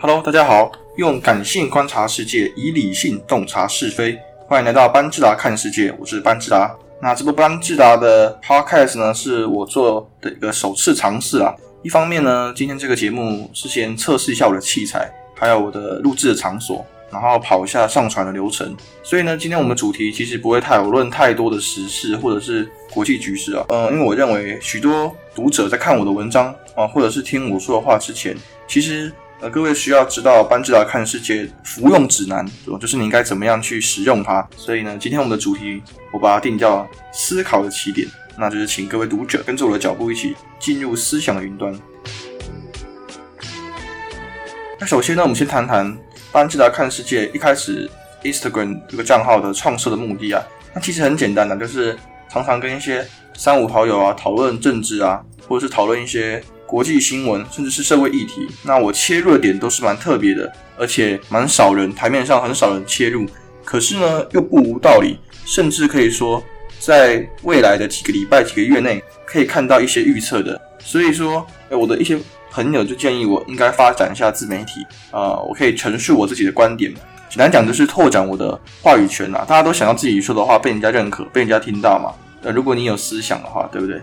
Hello，大家好！用感性觀察世界，以理性洞察是非。歡迎來到班智達看世界，我是班智達。那這部班智達的 Podcast 呢，是我做的一個首次嘗試啊。一方面呢，今天這個節目是先測試一下我的器材，還有我的錄製的場所，然後跑一下上傳的流程。所以呢，今天我們主題其實不會太討論太多的時事或者是國際局勢啊。嗯，因為我認為許多讀者在看我的文章啊，或者是聽我說的話之前，其實。呃，各位需要知道班智達看世界服用指南，就是你應該怎麼樣去使用它。所以呢，今天我們的主題，我把它定叫“思考的起點”，那就是請各位讀者跟着我的腳步一起進入思想雲端。那首先呢，我們先談談班智達看世界一開始 Instagram 這個賬號的創設的目的啊。那其實很簡單的，啊，就是常常跟一些三五好友啊討論政治啊，或者是討論一些。國際新聞，甚至是社會議題，那我切入的點都是蠻特別的，而且蠻少人台面上很少人切入，可是呢又不無道理，甚至可以說，在未來的幾個禮拜、幾個月內，可以看到一些預測的。所以說，誒我的一些朋友就建議我應該發展一下自媒體，啊、呃，我可以陳述我自己的觀點，簡單講就是拓展我的話語權啊，大家都想要自己說的話被人家認可、被人家聽到嘛，呃，如果你有思想的話，對不對？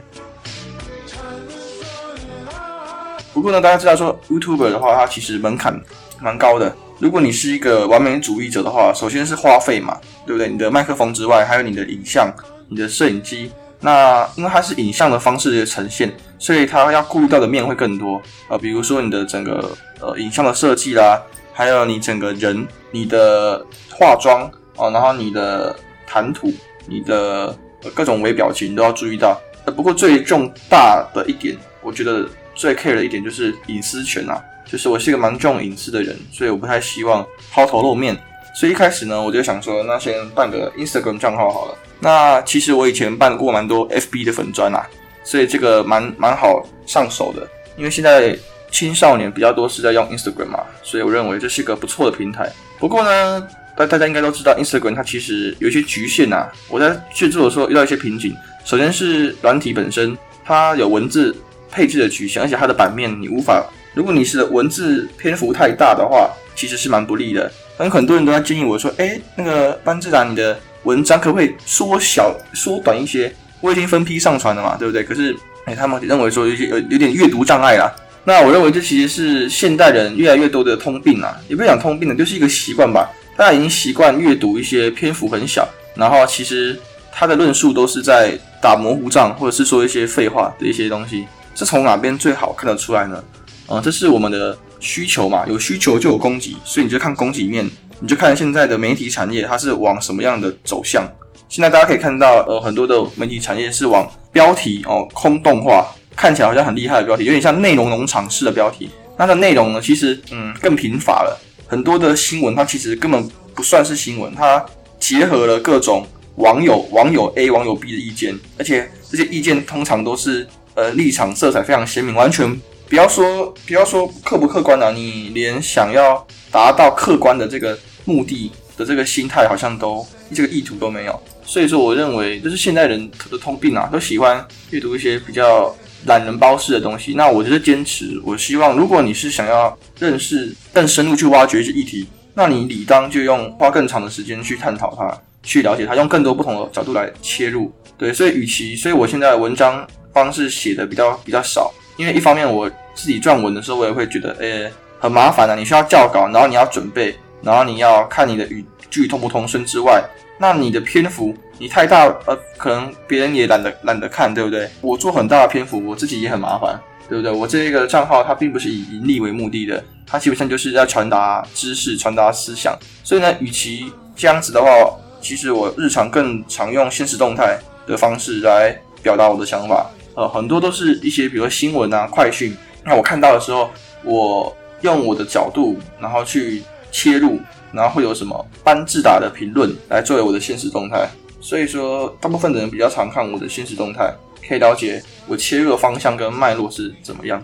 不過呢，大家知道說，YouTuber 的話，它其實門檻蠻高的。如果你是一個完美主義者的話，首先是花費嘛，對不對？你的麥克風之外，還有你的影像、你的攝影機。那因為它是影像的方式的呈現，所以它要顧到的面會更多啊，呃。比如說你的整個呃影像的設計啦，還有你整個人、你的化妝，呃，然後你的談吐、你的，呃，各種微表情你都要注意到，呃。不過最重大的一點，我覺得。最 care 的一點就是隱私權啊，就是我是一個蠻重隱私的人，所以我不太希望拋頭露面。所以一開始呢，我就想說，那先辦個 Instagram 賬號好了。那其實我以前辦過蠻多 FB 的粉專啊，所以這個蠻蠻好上手的。因為現在青少年比較多是在用 Instagram 嘛，所以我認為這是一個不錯的平台。不過呢，大大家應該都知道，Instagram 它其實有一些局限吶、啊。我在去做的時候遇到一些瓶頸，首先是軟體本身它有文字。配置的取向，而且它的版面你無法，如果你是文字篇幅太大的話，其實是蠻不利的。但很多人都在建議我說，哎，那個班智達，你的文章可不可以縮小、縮短一些？我已經分批上傳了嘛，對不對？可是，哎，他們認為說有些有有點閱讀障礙啦。那我認為這其實是現代人越來越多的通病啦。也不講通病了，就是一個習慣吧。大家已經習慣閱讀一些篇幅很小，然後其實他的論述都是在打模糊仗，或者是說一些廢話的一些東西。是從哪邊最好看得出來呢？啊、呃，這是我們的需求嘛，有需求就有供給，所以你就看供給面，你就看現在的媒體產業它是往什麼樣的走向。現在大家可以看到，呃，很多的媒體產業是往標題哦、呃、空洞化，看起來好像很厲害的標題，有點像內容農場式的標題。它的內容呢，其實嗯更貧乏了，很多的新聞它其實根本不算是新聞，它結合了各種網友網友 A 網友 B 的意見，而且這些意見通常都是。呃，立場色彩非常鮮明，完全不要說，不要說客不客觀啊！你連想要達到客觀的這個目的的這個心態，好像都這個意圖都沒有。所以說，我認為就是現代人的通病啊，都喜歡閱讀一些比較懶人包式的東西。那我覺得堅持，我希望如果你是想要認識更深入去挖掘一些議題，那你理當就用花更長的時間去探討它，去了解它，用更多不同的角度來切入。對，所以與其，所以我現在的文章。方式寫的比較比較少，因為一方面我自己撰文的時候，我也會覺得，誒、欸、很麻煩啊，你需要校稿，然後你要準備，然後你要看你的語句通不通順之外，那你的篇幅你太大，呃，可能別人也懶得懶得看，對不對？我做很大的篇幅，我自己也很麻煩，對不對？我這個賬號它並不是以盈利為目的的，它基本上就是在傳達知識、傳達思想。所以呢，與其這樣子的話，其實我日常更常用限時動態的方式來表達我的想法。呃，很多都是一些，比如說新聞啊、快訊。那我看到的時候，我用我的角度，然後去切入，然後會有什麼班智達的評論來作為我的現實動態。所以說，大部分的人比較常看我的現實動態，可以了解我切入的方向跟脈絡是怎麼樣。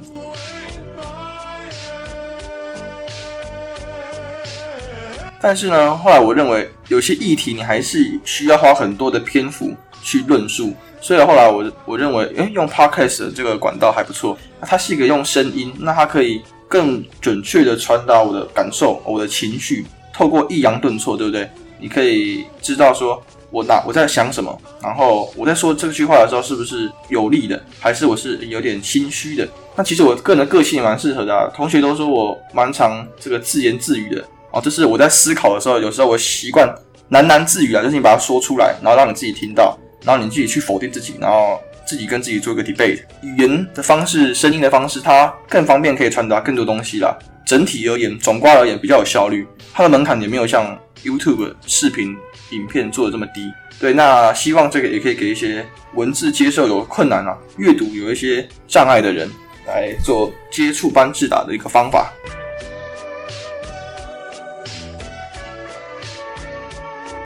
但是呢，後來我認為有些議題，你還是需要花很多的篇幅去論述。所以後來我我認為，哎，欸，用 Podcast 這個管道還不錯。它是一個用聲音，那它可以更準確的傳達我的感受、我的情緒，透過抑揚頓挫，對不對？你可以知道說，我哪我在想什麼，然後我在說這句話的時候是不是有力的，還是我是有點心虛的？那其實我個人的個性蠻適合的，啊，同學都說我蠻常這個自言自語的啊。這，哦，就是我在思考的時候，有時候我習慣喃喃自語啊，就是你把它說出來，然後讓你自己聽到。然後你自己去否定自己，然後自己跟自己做一個 debate。語言的方式，聲音的方式，它更方便可以傳達更多東西啦，整體而言，總括而言比較有效率，它的門檻也沒有像 YouTube 視頻影片做的這麼低。對，那希望這個也可以給一些文字接受有困難啊，閱讀有一些障礙的人來做接觸班智達的一個方法。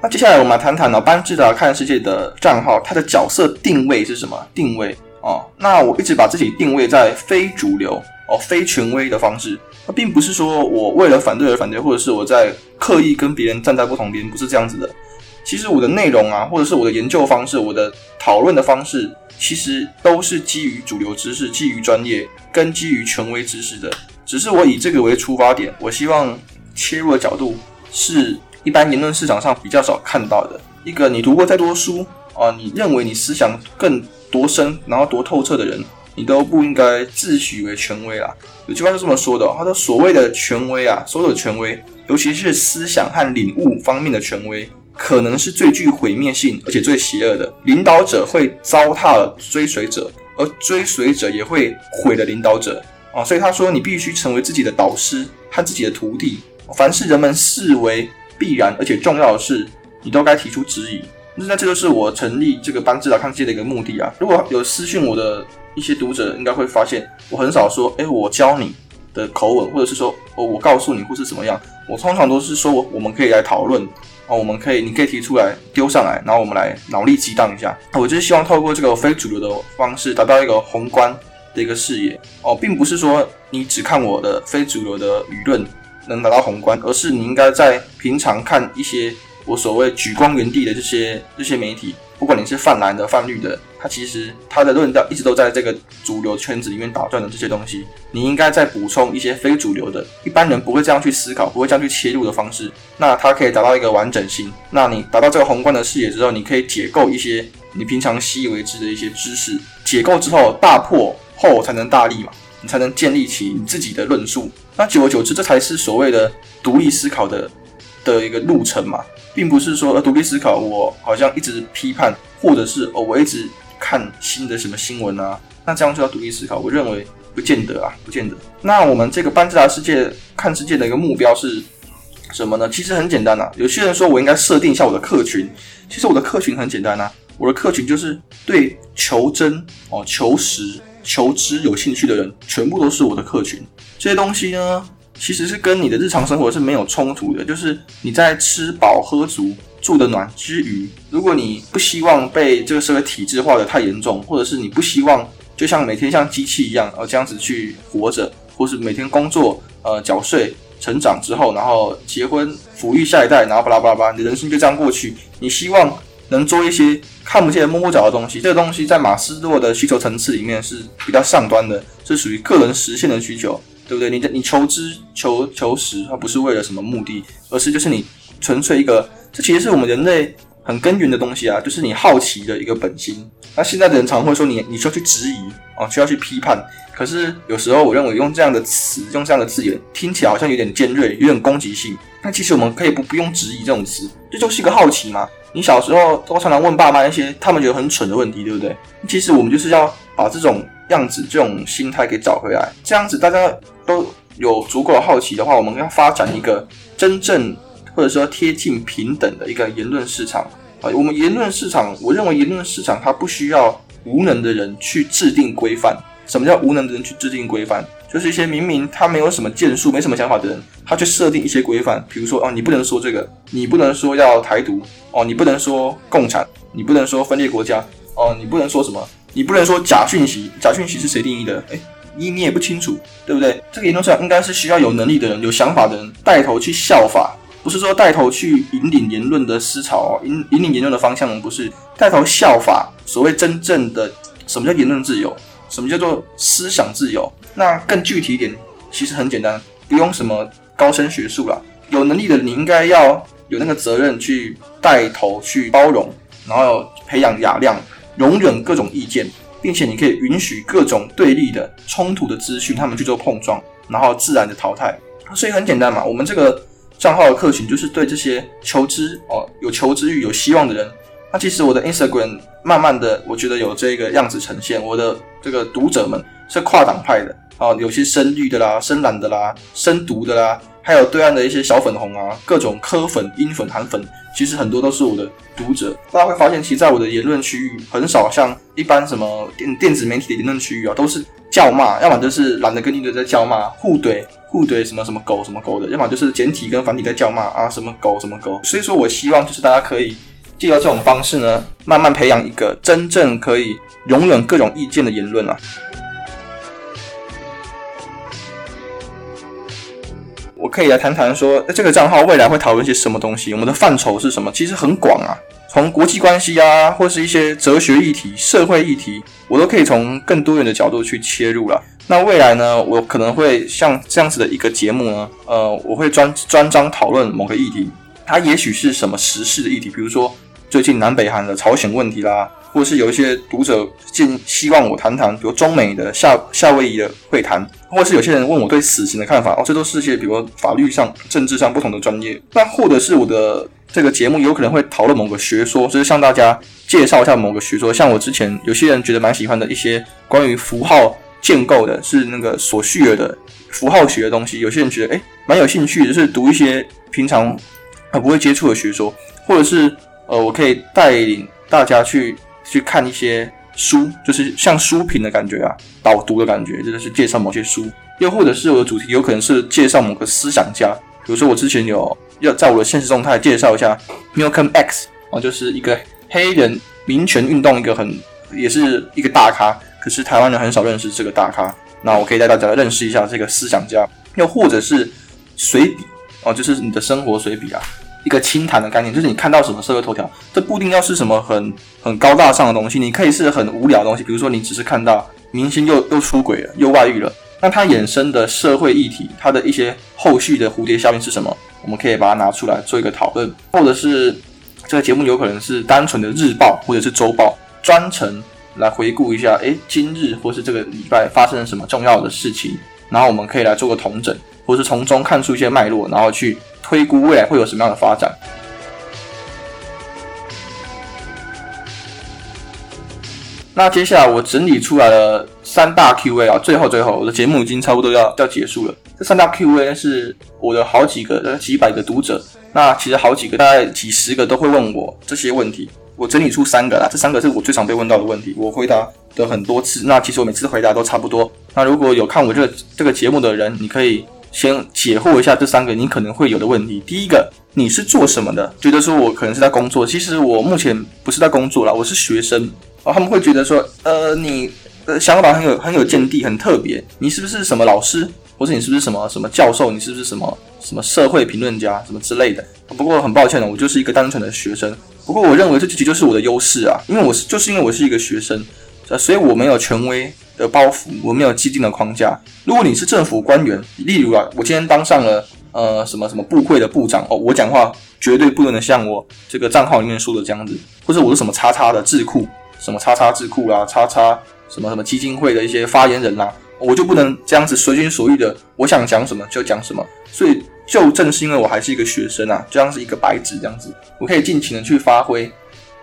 那接下來我們來談談呢，班智達看世界的賬號，它的角色定位是什麼定位啊？哦，那我一直把自己定位在非主流哦，非權威的方式。它並不是說我為了反對而反對，或者是我在刻意跟別人站在不同邊，不是這樣子的。其實我的內容啊，或者是我的研究方式，我的討論的方式，其實都是基於主流知識、基於專業跟基於權威知識的。只是我以這個為出發點，我希望切入的角度是。一般言論市場上比較少看到的一個，你讀過再多書啊，你認為你思想更多深，然後多透徹的人，你都不應該自詡為權威啦。有句話是這麼說的，他說所謂的權威啊，所有的權威，尤其是思想和領悟方面的權威，可能是最具毀滅性而且最邪惡的。領導者會糟蹋了追隨者，而追隨者也會毀了領導者啊。所以他說，你必須成為自己的導師和自己的徒弟。凡是人們視為必然，而且重要的是，你都該提出質疑。那這就是我成立這個班智達看世界的一個目的啊！如果有私訊我的一些讀者，應該會發現我很少說“哎、欸，我教你的口吻”，或者是說“哦、我告訴你”或是怎麼樣。我通常都是說我我們可以來討論，哦，我們可以，你可以提出來丟上來，然後我們來腦力激盪一下、啊。我就是希望透過這個非主流的方式，達到一個宏觀的一個視野哦，並不是說你只看我的非主流的輿論。能達到宏觀，而是你應該在平常看一些我所謂舉光原地的這些這些媒體，不管你是泛藍的、泛綠的，它其實它的論調一直都在這個主流圈子裡面打轉的這些東西，你應該再補充一些非主流的，一般人不會這樣去思考，不會這樣去切入的方式，那它可以達到一個完整性。那你達到這個宏觀的視野之後，你可以解構一些你平常習以為之的一些知識，解構之後大破後才能大立嘛。你才能建立起你自己的論述，那久而久之，這才是所謂的獨立思考的的一個路程嘛，並不是說呃獨立思考我好像一直批判，或者是哦我一直看新的什麼新聞啊，那這樣就要獨立思考，我認為不見得啊，不見得。那我們這個班智達世界看世界的一個目標是什麼呢？其實很簡單啊，有些人說我應該設定一下我的客群，其實我的客群很簡單啊，我的客群就是對求真哦，求實。求知有興趣的人，全部都是我的客群。這些東西呢，其實是跟你的日常生活是沒有衝突的。就是你在吃飽喝足、住得暖之餘，如果你不希望被這個社會體制化得太嚴重，或者是你不希望就像每天像機器一樣呃這樣子去活着，或是每天工作呃繳稅、成長之後，然後結婚、撫育下一代，然後巴拉巴拉巴，你的人生就這樣過去，你希望，能做一些看不見摸不着的東西，這個東西在馬斯洛的需求層次裡面是比較上端的，是屬於個人實現的需求，對不對？你你求知求求實，它不是為了什麼目的，而是就是你純粹一個，這其實是我們人類很根源的東西啊，就是你好奇的一個本心。那現在的人常會說你你需要去質疑啊，哦，需要去批判，可是有時候我認為用這樣的詞，用這樣的字眼，聽起來好像有點尖銳，有點攻擊性。但其實我們可以不不用質疑這種詞，這就是一個好奇嘛。你小時候都常常問爸媽一些他們覺得很蠢的問題，對不對？其實我們就是要把這種樣子、這種心態給找回來。這樣子大家都有足夠的好奇的話，我們要發展一個真正或者說貼近平等的一個言論市場啊。我們言論市場，我認為言論市場它不需要無能的人去制定規範。什麼叫無能的人去制定規範？就是一些明明他沒有什麼建樹、沒什麼想法的人，他卻設定一些規範，比如說啊、哦，你不能說這個，你不能說要台獨，哦，你不能說共產，你不能說分裂國家，哦，你不能說什麼，你不能說假訊息。假訊息是誰定義的？哎、欸，你你也不清楚，對不對？這個言論應該是需要有能力的人、有想法的人帶頭去效法，不是說帶頭去引領言論的思潮、引引領言論的方向，不是帶頭效法所謂真正的什麼叫言論自由，什麼叫做思想自由？那更具體一點，其實很簡單，不用什麼高深學術啦，有能力的，你應該要有那個責任去帶頭去包容，然後培養雅量，容忍各種意見，並且你可以允許各種對立的、衝突的資訊，他們去做碰撞，然後自然的淘汰。所以很簡單嘛。我們這個賬號的客群就是對這些求知哦，有求知慾、有希望的人。那其實我的 Instagram 慢慢的，我覺得有這個樣子呈現，我的這個讀者們。是跨黨派的啊、哦，有些深綠的啦，深藍的啦，深獨的啦，還有對岸的一些小粉紅啊，各種科粉、英粉、韓粉，其實很多都是我的讀者。大家會發現，其實在我的言論區域，很少像一般什麼電電子媒體的言論區域啊，都是叫罵，要麼就是懶得跟你在叫罵、互懟、互懟什麼什麼狗什麼狗的，要麼就是簡體跟繁體在叫罵啊，什麼狗什麼狗。所以說我希望就是大家可以借由這種方式呢，慢慢培養一個真正可以容忍各種意見的言論啊。我可以來談談說，這個賬號未來會討論些什麼東西？我們的範疇是什麼？其實很廣啊，從國際關係啊，或是一些哲學議題、社會議題，我都可以從更多元的角度去切入了。那未來呢，我可能會像這樣子的一個節目呢，呃，我會專專章討論某個議題，它也許是什麼時事的議題，比如說。最近南北韓的朝鮮問題啦，或者是有一些讀者竟希望我談談，比如中美的夏夏威夷的會談，或者是有些人問我對死刑的看法哦，這都是些比如法律上、政治上不同的專業。那或者是我的這個節目有可能會討論某個學說，就是向大家介紹一下某個學說，像我之前有些人覺得蠻喜歡的一些關於符號建構的，是那個索緒爾的符號學的東西。有些人覺得哎蠻有興趣，就是讀一些平常很不會接觸的學說，或者是。呃，我可以帶領大家去去看一些書，就是像書評的感覺啊，導讀的感覺，就是介紹某些書。又或者是我的主題有可能是介紹某個思想家，比如說我之前有要在我的現實狀態介紹一下 Malcolm X，哦、啊，就是一個黑人民權運動一個很，也是一個大咖，可是台灣人很少認識這個大咖。那我可以帶大家來認識一下這個思想家。又或者是隨筆，哦、啊，就是你的生活隨筆啊。一個清談的概念，就是你看到什麼社會頭條，這不一定要是什麼很很高大上的東西，你可以是很無聊的東西，比如說你只是看到明星又又出軌了，又外遇了，那它衍生的社會議題，它的一些後續的蝴蝶效應是什麼？我們可以把它拿出來做一個討論，或者是這個節目有可能是單純的日報或者是週報，專程來回顧一下，誒、欸，今日或是這個禮拜發生了什麼重要的事情，然後我們可以來做個統整。或是從中看出一些脈絡，然後去推估未來會有什麼樣的發展。那接下來我整理出來了三大 QA 啊，最後最後我的節目已經差不多要要結束了。這三大 QA 是我的好幾個、呃、幾百個讀者，那其實好幾個大概幾十個都會問我這些問題。我整理出三個啦，這三個是我最常被問到的問題，我回答的很多次。那其實我每次回答都差不多。那如果有看我這這個節目的人，你可以。先解惑一下這三個你可能會有的問題。第一個，你是做什麼的？覺得說我可能是在工作，其實我目前不是在工作啦，我是學生。哦，他們會覺得說，呃，你呃想法很有很有見地，很特別。你是不是什麼老師，或者你是不是什麼什麼教授？你是不是什麼什麼社會評論家，什麼之類的？不過很抱歉呢，我就是一個單純的學生。不過我認為這其實就是我的優勢啊，因為我是就是因為我是一個學生，所以我沒有權威的包袱，我沒有既定的框架。如果你是政府官員，例如啊，我今天當上了呃什麼什麼部會的部長哦，我講話絕對不能像我這個賬號裡面說的這樣子，或者我是什麼叉叉的智庫，什麼叉叉智庫啦、啊，叉叉什麼什麼基金會的一些發言人啦、啊，我就不能這樣子隨心所欲的，我想講什麼就講什麼。所以就正是因為我還是一個學生啊，就像是一個白紙這樣子，我可以盡情的去發揮，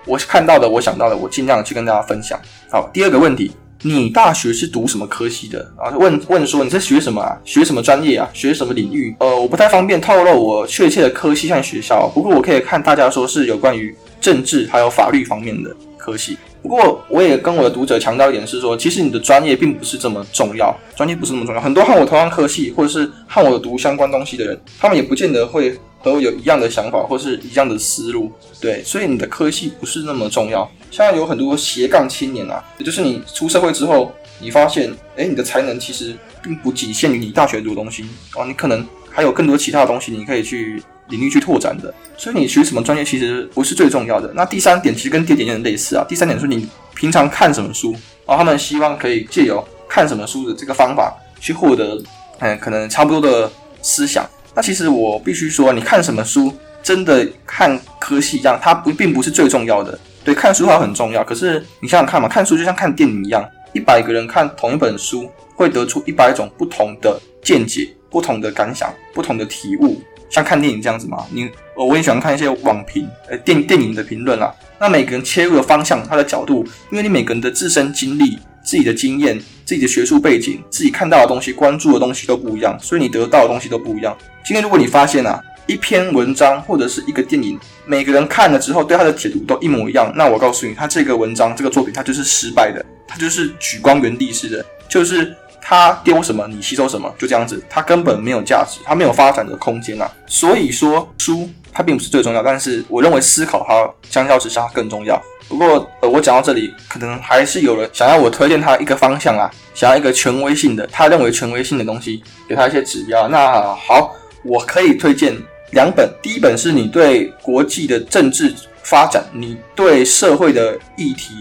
我看到的，我想到的，我儘量去跟大家分享。好，第二個問題。你大學是讀什麼科系的啊？問問說你在學什麼啊？學什麼專業啊？學什麼領域？呃，我不太方便透露我確切的科系和學校，不過我可以看大家說是有關於政治還有法律方面的科系。不過，我也跟我的讀者強調一點是說，其實你的專業並不是這麼重要，專業不是那麼重要。很多和我同樣科系，或者是和我讀相關東西的人，他們也不見得會都有一樣的想法或是一樣的思路。對，所以你的科系不是那麼重要。像有很多斜槓青年啊，也就是你出社會之後。你發現，哎，你的才能其實並不僅限於你大學讀的東西哦，你可能還有更多其他的東西你可以去領域去拓展的。所以你學什麼專業其實不是最重要的。那第三點其實跟第一點有點類似啊。第三點說你平常看什麼書，然後，哦，他們希望可以借由看什麼書的這個方法去獲得，嗯，可能差不多的思想。那其實我必須說，你看什麼書，真的看科系一樣，它不並不是最重要的。對，看書它很重要，可是你想想看嘛，看書就像看電影一樣。一百個人看同一本書，會得出一百種不同的見解、不同的感想、不同的體悟，像看電影這樣子嘛，你，我也喜歡看一些網評，呃、欸，電電影的評論啦。那每個人切入的方向、他的角度，因為你每個人的自身經歷、自己的經驗、自己的學術背景、自己看到的東西、關注的東西都不一樣，所以你得到的東西都不一樣。今天如果你發現啊，一篇文章或者是一個電影，每個人看了之後對他的解讀都一模一樣，那我告訴你，他這個文章這個作品他就是失敗的，他就是取光原地似的，就是他丟什麼你吸收什麼，就這樣子，他根本沒有價值，他沒有發展的空間啊。所以說書它並不是最重要，但是我認為思考它相較之下更重要。不過呃，我講到這裡，可能還是有人想要我推薦他一個方向啊，想要一個權威性的，他認為權威性的東西，給他一些指標。那好，我可以推薦。兩本，第一本是你對國際的政治發展，你對社會的議題，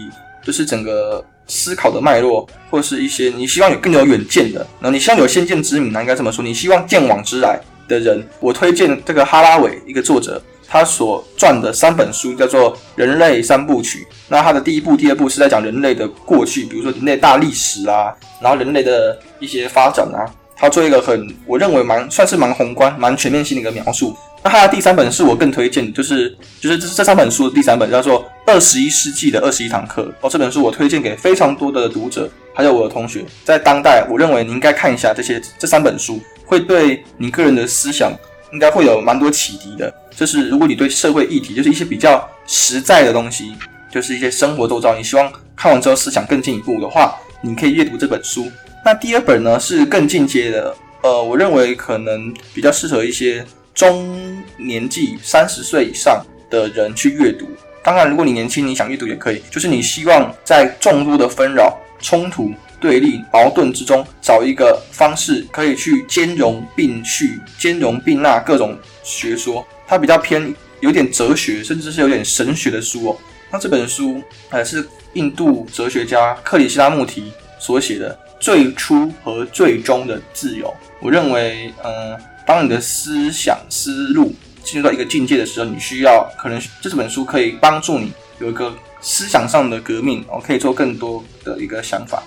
就是整個思考的脈絡，或是一些你希望有更有遠見的，然後你希望有先見之明呢，啊，應該這麼說，你希望鑒往知來的人，我推薦這個哈拉維一個作者，他所撰的三本書叫做《人類三部曲》，那他的第一部、第二部是在講人類的過去，比如說人類的大歷史啊，然後人類的一些發展啊。他做一個很，我認為蠻算是蠻宏觀、蠻全面性的一個描述。那他的第三本是我更推薦，就是，就是就是這這三本書的第三本叫做《二十一世紀的二十一堂課》哦。這本書我推薦給非常多的讀者，還有我的同學，在當代，我認為你應該看一下這些這三本書，會對你個人的思想應該會有蠻多啟迪的。就是如果你對社會議題，就是一些比較實在的東西，就是一些生活周遭，你希望看完之後思想更進一步的話，你可以閱讀這本書。那第二本呢是更進階的，呃，我認為可能比較適合一些中年紀三十歲以上的人去閱讀。當然，如果你年輕，你想閱讀也可以，就是你希望在眾多的紛擾、衝突、對立、矛盾之中，找一個方式可以去兼容並蓄、兼容並納各種學說。它比較偏有點哲學，甚至是有點神學的書哦。那這本書，呃，是印度哲學家克里希那穆提所寫的。最初和最終的自由，我認為，嗯、呃，當你的思想思路進入到一個境界的時候，你需要，可能這本書可以幫助你有一個思想上的革命，我、哦、可以做更多的一個想法。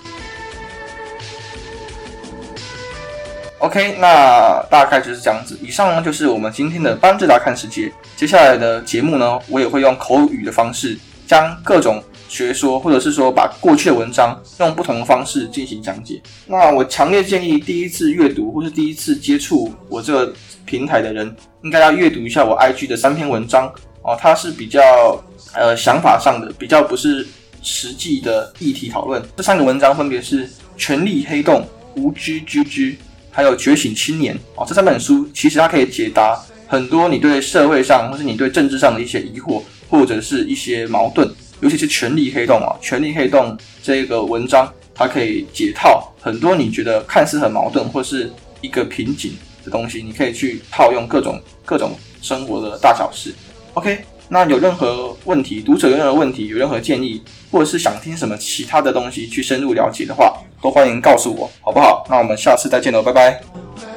OK，那大概就是這樣子。以上呢就是我們今天的班智達看世界。接下來的節目呢，我也會用口語的方式將各種。學說，或者是說把過去的文章用不同的方式進行講解。那我強烈建議第一次閱讀或是第一次接觸我這個平台的人，應該要閱讀一下我 IG 的三篇文章哦。它是比較呃想法上的，比較不是實際的議題討論。這三個文章分別是《權力黑洞》、《無知之知》，還有《覺醒青年》哦。這三本書其實它可以解答很多你對社會上或是你對政治上的一些疑惑或者是一些矛盾。尤其是權力黑洞啊，權力黑洞這個文章，它可以解套很多你覺得看似很矛盾或是一個瓶頸的東西，你可以去套用各種各種生活的大小事。OK，那有任何問題，讀者有任何問題，有任何建議，或者是想聽什麼其他的東西去深入了解的話，都歡迎告訴我，好不好？那我們下次再見嘍，拜拜。